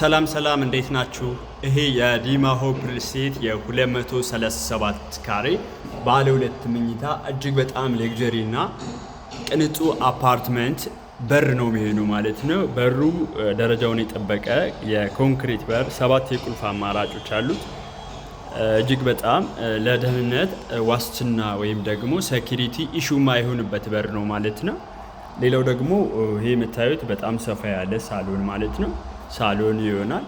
ሰላም ሰላም፣ እንዴት ናችሁ? ይሄ የዲማ ሆፕ ሪል ስቴት የ237 ካሬ ባለ ሁለት ምኝታ እጅግ በጣም ሌግጀሪ እና ቅንጡ አፓርትመንት በር ነው የሚሆኑ ማለት ነው። በሩ ደረጃውን የጠበቀ የኮንክሪት በር፣ ሰባት የቁልፍ አማራጮች አሉት። እጅግ በጣም ለደህንነት ዋስትና ወይም ደግሞ ሴኪሪቲ ኢሹ ማይሆንበት በር ነው ማለት ነው። ሌላው ደግሞ ይሄ የምታዩት በጣም ሰፋ ያለ ሳሎን ማለት ነው። ሳሎን ይሆናል።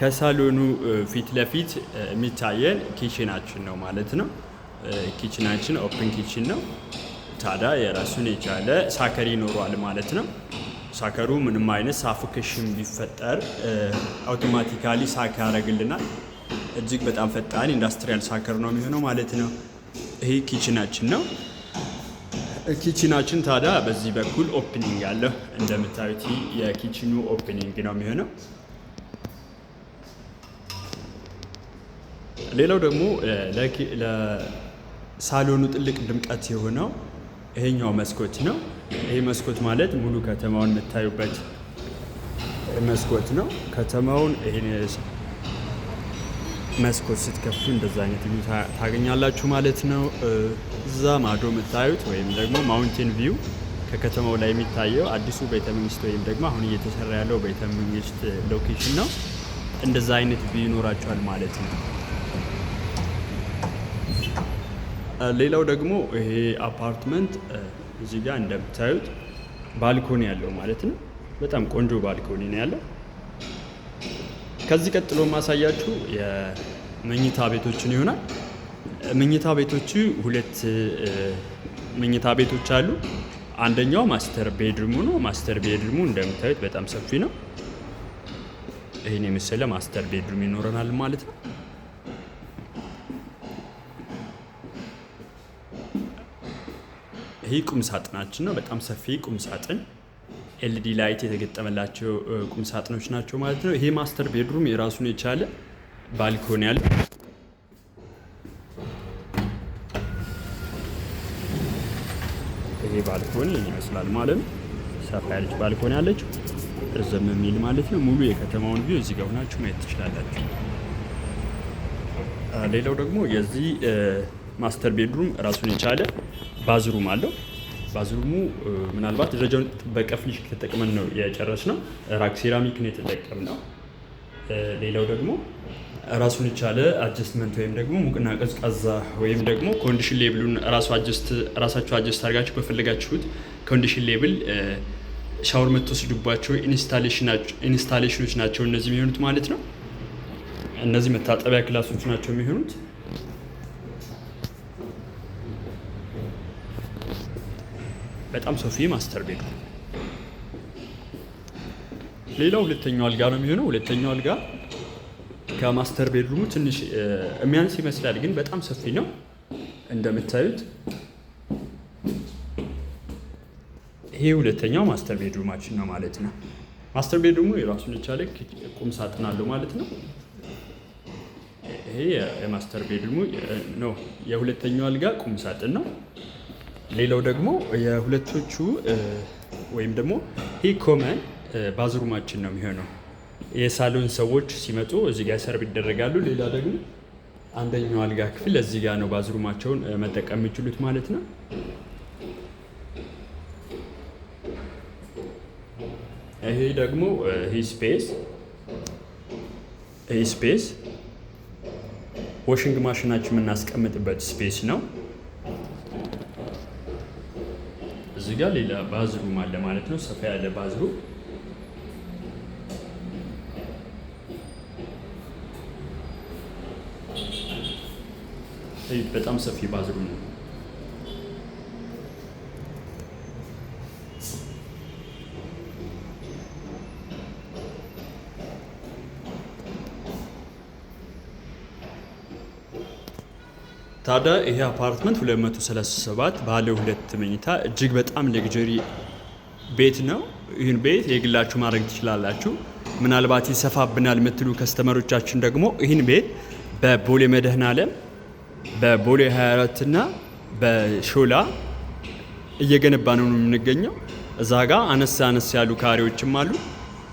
ከሳሎኑ ፊት ለፊት የሚታየን ኪችናችን ነው ማለት ነው። ኪችናችን ኦፕን ኪችን ነው። ታዲያ የራሱን የቻለ ሳከር ይኖረዋል ማለት ነው። ሳከሩ ምንም አይነት ሳፎኬሽን ቢፈጠር አውቶማቲካሊ ሳክ ያደርግልናል። እጅግ በጣም ፈጣን ኢንዱስትሪያል ሳከር ነው የሚሆነው ማለት ነው። ይሄ ኪችናችን ነው። ኪችናችን ታዲያ በዚህ በኩል ኦፕኒንግ ያለው እንደምታዩት የኪችኑ ኦፕኒንግ ነው የሚሆነው። ሌላው ደግሞ ለሳሎኑ ጥልቅ ድምቀት የሆነው ይሄኛው መስኮት ነው። ይሄ መስኮት ማለት ሙሉ ከተማውን የምታዩበት መስኮት ነው። ከተማውን መስኮት ስትከፍቱ እንደዛ አይነት ቪው ታገኛላችሁ ማለት ነው። እዛ ማዶ የምታዩት ወይም ደግሞ ማውንቴን ቪው ከከተማው ላይ የሚታየው አዲሱ መንግስት ወይም ደግሞ አሁን እየተሰራ ያለው መንግስት ሎኬሽን ነው። እንደዛ አይነት ቪው ይኖራቸዋል ማለት ነው። ሌላው ደግሞ ይሄ አፓርትመንት እዚህ ጋር እንደምታዩት ባልኮኒ ያለው ማለት ነው። በጣም ቆንጆ ባልኮኒ ነው ያለው። ከዚህ ቀጥሎ ማሳያችሁ የመኝታ ቤቶችን ይሆናል። መኝታ ቤቶቹ ሁለት መኝታ ቤቶች አሉ። አንደኛው ማስተር ቤድሩሙ ነው። ማስተር ቤድሩሙ እንደምታዩት በጣም ሰፊ ነው። ይህን የመሰለ ማስተር ቤድሩም ይኖረናል ማለት ነው። ይህ ቁም ሳጥናችን ነው። በጣም ሰፊ ቁም ሳጥን ኤልዲ ላይት የተገጠመላቸው ቁም ሳጥኖች ናቸው ማለት ነው። ይሄ ማስተር ቤድሩም የራሱን የቻለ ባልኮን ያለ ይሄ ባልኮን ይመስላል ማለት ነው። ሰፋ ያለች ባልኮን ያለች ረዘም የሚል ማለት ነው። ሙሉ የከተማውን ቪው እዚህ ጋር ሆናችሁ ማየት ትችላላችሁ። ሌላው ደግሞ የዚህ ማስተር ቤድሩም ራሱን የቻለ ባዝሩም አለው። ባዝሩሙ ምናልባት ደረጃውን በቀፍሊሽ ተጠቅመን ነው የጨረስ ነው። ራክ ሴራሚክ ነው የተጠቀምነው። ሌላው ደግሞ ራሱን የቻለ አጀስትመንት ወይም ደግሞ ሙቅና ቀዝቃዛ ወይም ደግሞ ኮንዲሽን ሌብሉን ራሳቸው አጀስት አድርጋችሁ በፈለጋችሁት ኮንዲሽን ሌብል ሻወር የምትወስዱባቸው ኢንስታሌሽኖች ናቸው እነዚህ የሚሆኑት ማለት ነው። እነዚህ መታጠቢያ ክላሶች ናቸው የሚሆኑት። በጣም ሰፊ ማስተር ቤት ነው። ሌላው ሁለተኛው አልጋ ነው የሚሆነው። ሁለተኛው አልጋ ከማስተር ቤድሩሙ ትንሽ የሚያንስ ይመስላል፣ ግን በጣም ሰፊ ነው እንደምታዩት። ይሄ ሁለተኛው ማስተር ቤድሩማችን ነው ማለት ነው። ማስተር ቤድሩሙ የራሱን የቻለ ቁም ሳጥን አለው ማለት ነው። ይሄ የማስተር ቤድሩሙ ነው። የሁለተኛው አልጋ ቁም ሳጥን ነው። ሌላው ደግሞ የሁለቶቹ ወይም ደግሞ ይህ ኮመን ባዝሩማችን ነው የሚሆነው። የሳሎን ሰዎች ሲመጡ እዚህ ጋር ሰርብ ይደረጋሉ። ሌላ ደግሞ አንደኛው አልጋ ክፍል እዚህ ጋር ነው ባዝሩማቸውን መጠቀም የሚችሉት ማለት ነው። ይሄ ደግሞ ይህ ስፔስ ስፔስ ዋሽንግ ማሽናችን የምናስቀምጥበት ስፔስ ነው። እዚህ ጋር ሌላ ባዝሩም አለ ማለት ነው። ሰፋ ያለ ባዝሩ በጣም ሰፊ ባዝሩ ነው። ታዲያ ይሄ አፓርትመንት 237 ባለ ሁለት መኝታ እጅግ በጣም ለግጀሪ ቤት ነው። ይህን ቤት የግላችሁ ማድረግ ትችላላችሁ። ምናልባት ይሰፋብናል የምትሉ ከስተመሮቻችን ደግሞ ይህን ቤት በቦሌ መድኃኔዓለም በቦሌ 24 እና በሾላ እየገነባ ነው የምንገኘው። እዛ ጋር አነስ አነስ ያሉ ካሬዎችም አሉ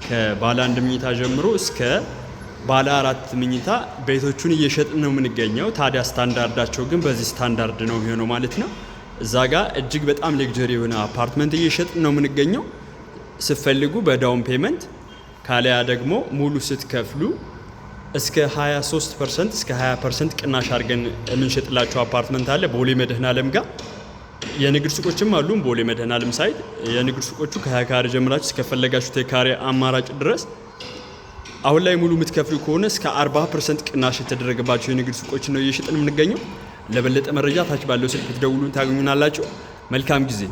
ከባለ አንድ መኝታ ጀምሮ እስከ ባለ አራት ምኝታ ቤቶቹን እየሸጥን ነው የምንገኘው። ታዲያ ስታንዳርዳቸው ግን በዚህ ስታንዳርድ ነው የሚሆነው ማለት ነው። እዛ ጋር እጅግ በጣም ሌግጀሪ የሆነ አፓርትመንት እየሸጥን ነው የምንገኘው። ስትፈልጉ በዳውን ፔመንት ካሊያ ደግሞ ሙሉ ስትከፍሉ እስከ 23 ፐርሰንት እስከ 20 ፐርሰንት ቅናሽ አድርገን የምንሸጥላቸው አፓርትመንት አለ ቦሌ አለም ጋር የንግድ ሱቆችም አሉ። ቦሌ አለም ሳይድ የንግድ ሱቆቹ ከሀያ ካሬ ጀምራችሁ እስከፈለጋችሁት የካሬ አማራጭ ድረስ አሁን ላይ ሙሉ የምትከፍሉ ከሆነ እስከ 40 ፐርሰንት ቅናሽ የተደረገባቸው የንግድ ሱቆች ነው እየሸጥን የምንገኘው። ለበለጠ መረጃ ታች ባለው ስልክ ትደውሉን ታገኙናላችሁ። መልካም ጊዜ